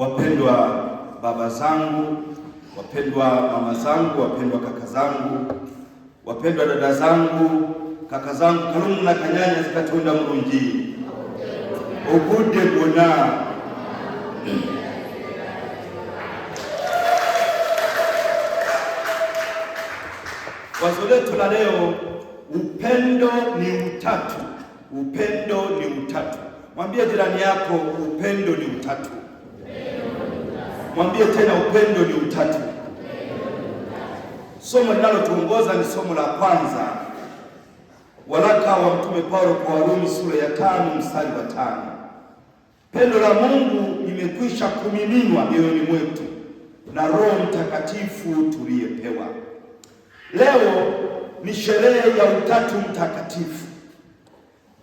Wapendwa baba zangu, wapendwa mama zangu, wapendwa kaka zangu, wapendwa dada zangu, kaka zangu, kalumu na kanyanya zikatonda mrungi ugude bona Wazo letu la leo, upendo ni utatu. Upendo ni utatu. Mwambie jirani yako, upendo ni utatu. Mwambie tena upendo ni utatu. Somo linalotuongoza ni somo la kwanza waraka wa Mtume Paulo kwa Warumi sura ya tano mstari wa tano. Pendo la Mungu limekwisha kumiminwa mioyoni mwetu na Roho Mtakatifu tuliyepewa. Leo ni sherehe ya Utatu Mtakatifu.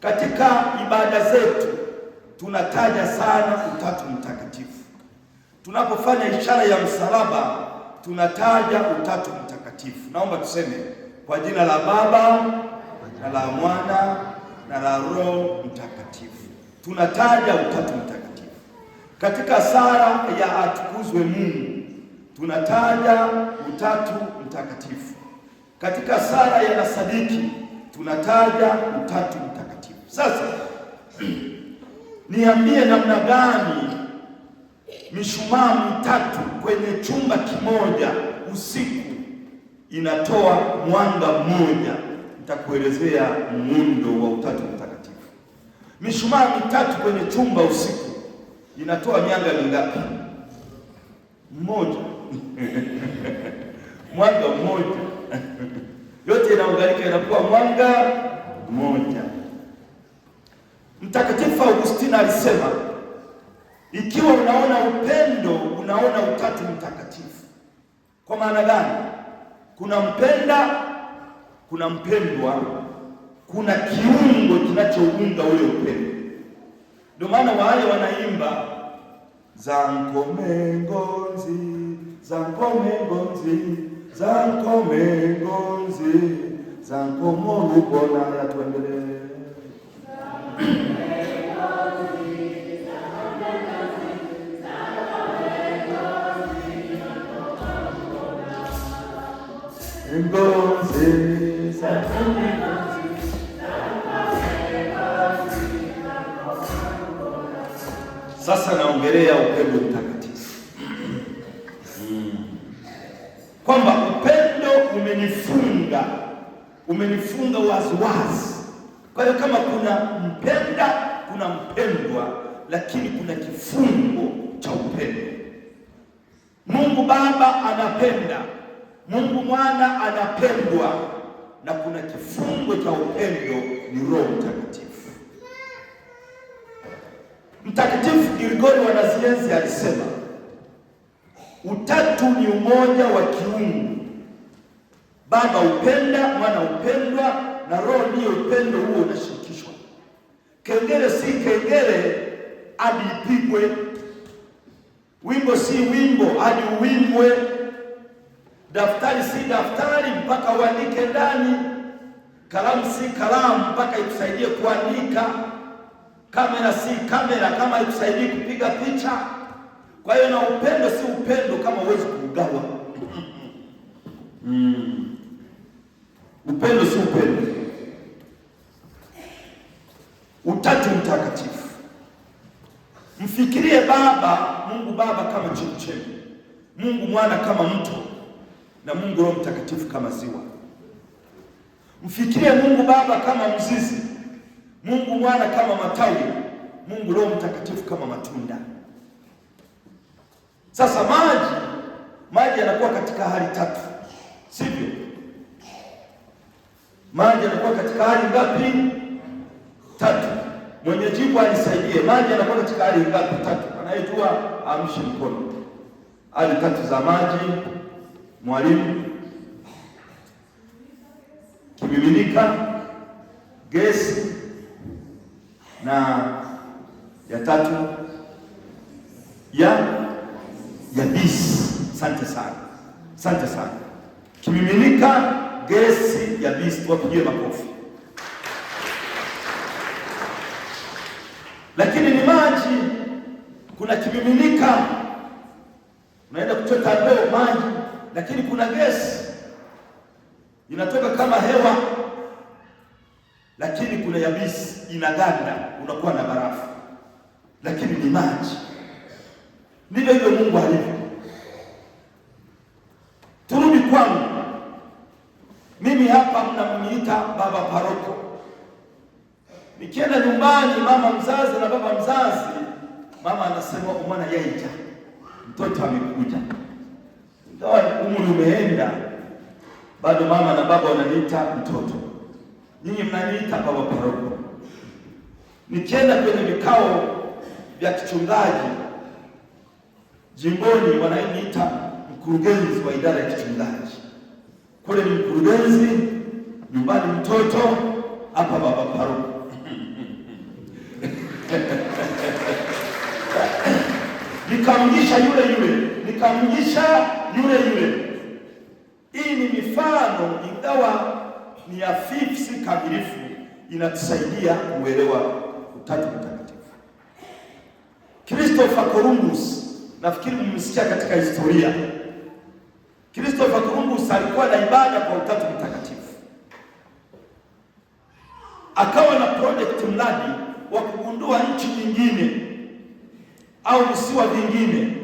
Katika ibada zetu tunataja sana Utatu Mtakatifu. Tunapofanya ishara ya msalaba tunataja Utatu Mtakatifu. Naomba tuseme kwa jina la Baba na la Mwana na la Roho Mtakatifu. Tunataja Utatu Mtakatifu katika sala ya atukuzwe Mungu, tunataja Utatu Mtakatifu katika sala ya nasadiki, tunataja Utatu Mtakatifu. Sasa niambie namna gani mishumaa mitatu kwenye chumba kimoja usiku inatoa mwanga mmoja. Nitakuelezea muundo wa Utatu Mtakatifu. Mishumaa mitatu kwenye chumba usiku inatoa mianga mingapi? Mmoja. mwanga mmoja yote inaunganika, inakuwa mwanga mmoja. Mtakatifu Augustino alisema ikiwa unaona upendo, unaona Utatu Mtakatifu. Kwa maana gani? Kuna mpenda, kuna mpendwa, kuna kiungo kinachounga ule upendo. Ndio maana wale wanaimba za za ngome ngonzi, za ngome ngonzi, za ngome yatuendelee Sasa naongelea upendo mtakatifu kwamba upendo umenifunga umenifunga waziwazi. Kwa hiyo kama kuna mpenda, kuna mpendwa, lakini kuna kifungo cha upendo. Mungu Baba anapenda Mungu mwana anapendwa na kuna kifungo cha upendo ni Roho Mtakatifu. Mtakatifu Gregori wa Nazianzi alisema utatu ni umoja wa kiungu, Baba upenda, Mwana upendwa na Roho ndiyo upendo huo unashirikishwa. Kengele si kengele hadi ipigwe, wimbo si wimbo hadi uwimbwe. Daftari si daftari mpaka uandike ndani. Kalamu si kalamu mpaka ikusaidie kuandika. Kamera si kamera kama ikusaidie kupiga picha. Kwa hiyo na upendo si upendo kama huwezi kuugawa. Mm. Upendo si upendo. Utatu Mtakatifu. Mfikirie Baba, Mungu Baba kama chemchemi, Mungu Mwana kama mto na Mungu Roho Mtakatifu kama ziwa. Mfikirie Mungu Baba kama mzizi, Mungu Mwana kama matawi, Mungu Roho Mtakatifu kama matunda. Sasa maji maji yanakuwa katika hali tatu, sivyo? Maji yanakuwa katika hali ngapi? Tatu. Mwenye jibu anisaidie, maji yanakuwa katika hali ngapi? Tatu. Anayejua amshi mkono. Hali tatu za maji mwalimu, kimiminika, gesi na ya tatu ya yabisi. Asante sana, asante sana. Kimiminika, gesi, ya yabisi, wapigie makofi. Lakini ni maji, kuna kimiminika, unaenda kuchota ndoo maji lakini kuna gesi inatoka kama hewa, lakini kuna yabisi inaganda, unakuwa na barafu, lakini ni maji. Ndivyo hivyo Mungu alivyo. Turudi kwangu mimi, hapa mnamniita baba paroko, nikienda nyumbani, mama mzazi na baba mzazi, mama anasema umwana yaija mtoto amekuja ingawa umri umeenda, bado mama na baba wananiita mtoto, nyinyi mnaniita baba paroko. Nikienda kwenye vikao vya kichungaji jimboni, wananiita mkurugenzi wa idara ya kichungaji. Kule ni mkurugenzi, nyumbani mtoto, hapa baba paroko. Nikamjisha yule yule nikamjisha yule yule. Hii ni mifano, ingawa ni hafifu, si kamilifu, inatusaidia kuelewa Utatu Mtakatifu. Christopher Columbus, nafikiri mmesikia katika historia, Christopher Columbus alikuwa na ibada kwa Utatu Mtakatifu, akawa na project mradi wa kugundua nchi nyingine au visiwa vingine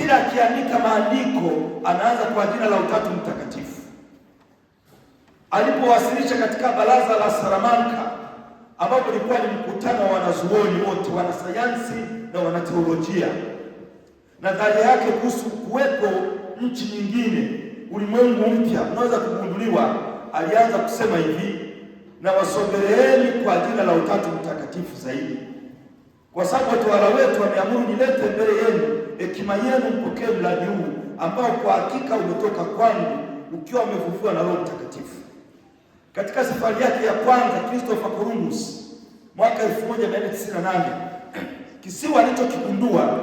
kila akiandika maandiko anaanza kwa jina la Utatu Mtakatifu. Alipowasilisha katika baraza la Salamanka, ambapo ilikuwa ni mkutano wa wanazuoni wote, wanasayansi na wanateolojia, nadharia yake kuhusu kuwepo nchi nyingine, ulimwengu mpya unaweza kugunduliwa, alianza kusema hivi: na wasogeleeni kwa jina la Utatu Mtakatifu zaidi, kwa sababu watawala wetu wameamuru nilete mbele yenu hekima yenu mpokee mla juu ambao kwa hakika umetoka kwangu ukiwa umefufuliwa na Roho Mtakatifu. Katika safari yake ya kwanza Christopher Columbus mwaka 1498 kisiwa alichokigundua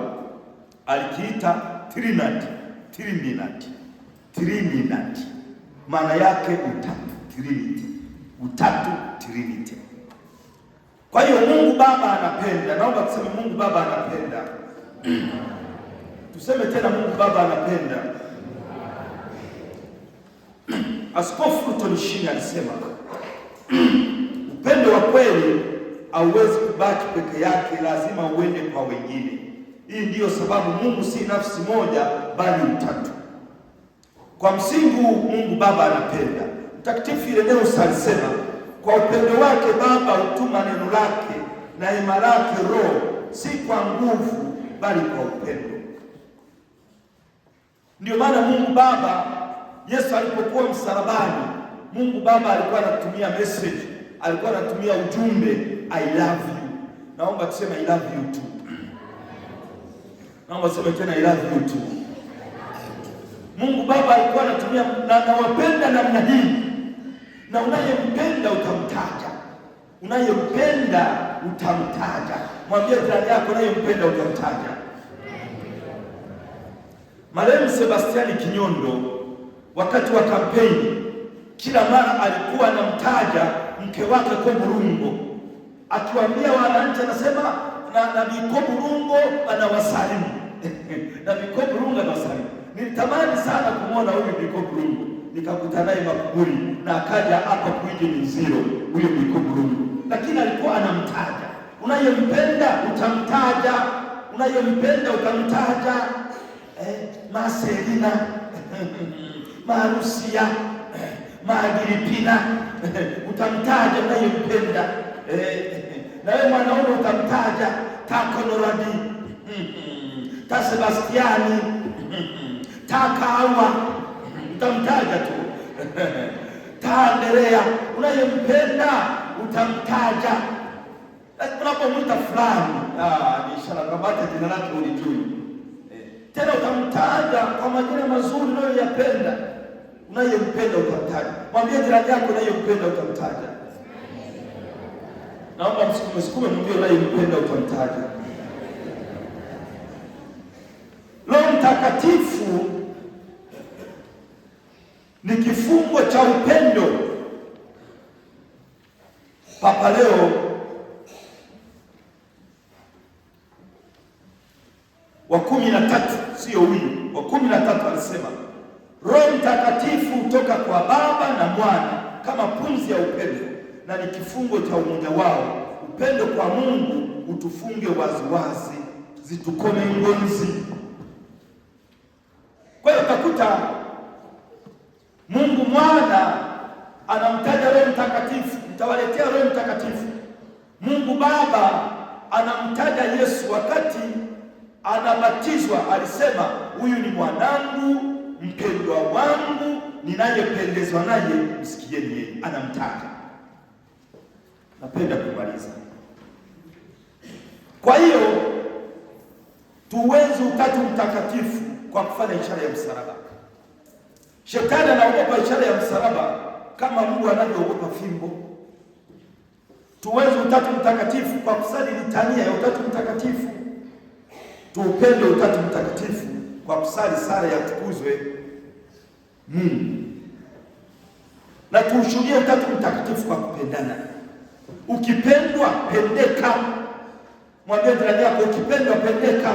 alikiita Trinidad. Trinidad. Trinidad. Maana yake utatu, Trinity. Utatu, Trinity. Kwa hiyo Mungu Baba anapenda, naomba tuseme Mungu Baba anapenda Tuseme tena Mungu Baba anapenda. Askofu Fulton Sheen alisema upendo wa kweli hauwezi kubaki peke yake, lazima uende kwa wengine. Hii ndiyo sababu Mungu si nafsi moja, bali mtatu. Kwa msingi huu Mungu Baba anapenda. Mtakatifu Ireneus alisema kwa upendo wake Baba hutuma neno lake na hema lake Roho, si kwa nguvu, bali kwa upendo. Ndio maana Mungu Baba Yesu alipokuwa msalabani, Mungu Baba alikuwa anatumia message, alikuwa anatumia ujumbe I love you. Naomba tuseme I love you too. Naomba tuseme tena I love you too. Mungu Baba alikuwa anatumia na nawapenda namna hii, na unayempenda utamtaja, unayempenda utamtaja. Mwambie jirani yako, unayempenda utamtaja. Marehemu Sebastiani Kinyondo wakati wa kampeni kila mara alikuwa anamtaja mke wake Burungo, akiwaambia wananchi anasema na Nabii Burungo anawasalimu Nabii Burungo anawasalimu. Nilitamani sana kumwona huyu Nabii burungo nikakutana naye Makuguri na akaja hapa kuiji zero huyo Nabii burungo lakini alikuwa anamtaja. Unayempenda utamtaja, unayempenda utamtaja Eh, maserina marusia magiripina maagiripina utamtaja unayempenda nawe na wewe eh, mwanaume utamtaja takonoradi ta Sebastiani takawa utamtaja tu taandelea unayempenda utamtaja eh, unapomwita fulani, ah, ni ishara kwamba jina lake ulijui tena utamtaja kwa majina mazuri unayoyapenda, unayempenda utamtaja. Mwambie jirani yako unayempenda utamtaja. Naomba msikume sikume, mwambie unayempenda utamtaja. Roho Mtakatifu ni kifungo cha upendo. Papa leo kama pumzi ya upendo na ni kifungo cha umoja wao. Upendo kwa Mungu utufunge waziwazi, zitukome ngozi. Kwa hiyo utakuta Mungu Mwana anamtaja Roho Mtakatifu, mtawaletea Roho Mtakatifu. Mungu Baba anamtaja Yesu wakati anabatizwa, alisema huyu ni mwanangu mpendwa ninayependezwa naye msikieni yeye, anamtaka. Napenda kumaliza. Kwa hiyo tuuenzi Utatu Mtakatifu kwa kufanya ishara ya msalaba. Shetani anaogopa ishara ya msalaba kama Mungu anavyoogopa fimbo. Tuuenzi Utatu Mtakatifu kwa kusali litania ya Utatu Mtakatifu. Tuupende Utatu Mtakatifu kwa kusali sala ya tukuzwe Mungu. Hmm na kumshuhudia Utatu Mtakatifu kwa kupendana. Ukipendwa pendeka, mwambie jirani yako, ukipendwa pendeka,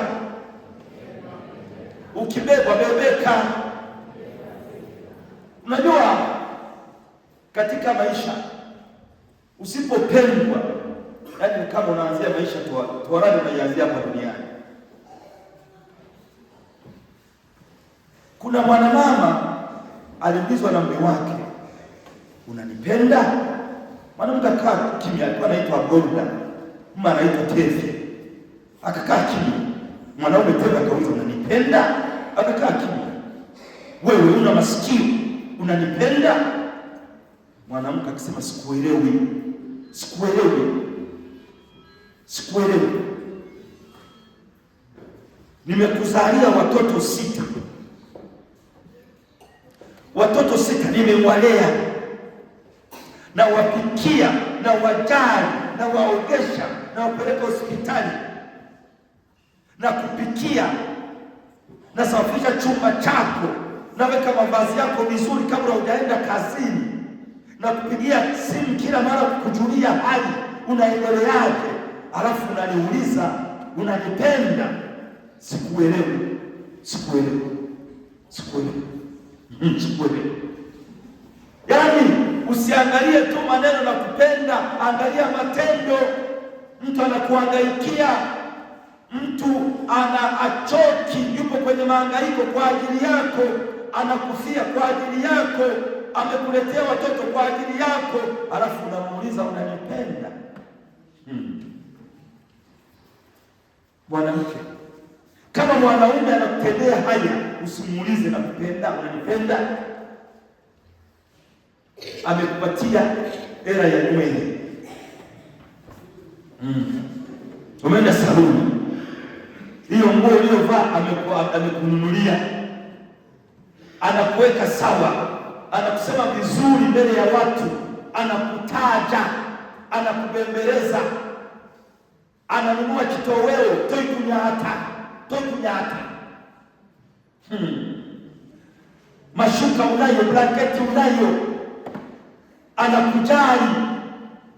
ukibebwa bebeka. Unajua katika maisha usipopendwa, yaani kama unaanzia maisha toharani, unaianzia hapa duniani. Kuna mwanamama aliulizwa na mume wake unanipenda? Mwanamke akakaa kimya, anaitwa Golda, mama anaitwa Tezi, akakaa kimya. Mwanaume tena akauliza unanipenda? Akakaa kimya. Wewe una masikio, unanipenda? Mwanamke akasema sikuelewi, sikuelewi, sikuelewi, nimekuzalia watoto sita, watoto sita nimewalea na wapikia na wajali na waogesha na wapeleka hospitali na kupikia na safisha chumba chako na weka mavazi yako vizuri kabla hujaenda kazini na kupigia simu kila mara kukujulia hali unaendeleaje, alafu unaniuliza unanipenda? Sikuelewi, sikuelewi, sikuelewi, hmm, sikuelewi. Yani Usiangalie tu maneno na kupenda, angalia matendo. Mtu anakuhangaikia, mtu ana achoki, yupo kwenye maangaiko kwa ajili yako, anakufia kwa ajili yako, amekuletea watoto kwa ajili yako, alafu unamuuliza unanipenda? hmm. Mwanamke kama mwanaume anakutendea haya, usimuulize nakupenda, unanipenda amekupatia era ya nywele mm. Umeenda saluni, hiyo nguo uliyovaa amekununulia, anakuweka sawa, anakusema vizuri mbele ya watu, anakutaja, anakubembeleza, ananunua kitoweo toi kunyata toi hmm. Mashuka unayo, blanketi unayo anakujali,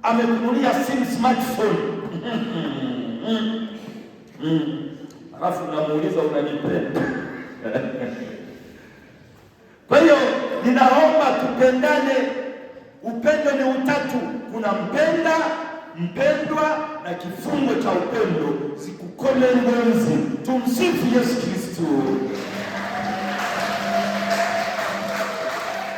amekunulia simu smartphone alafu unamuuliza unanipenda? Kwa hiyo ninaomba tupendane. Upendo ni utatu, kuna mpenda, mpendwa na kifungo cha upendo. Sikukome ngozi. Tumsifu Yesu Kristo.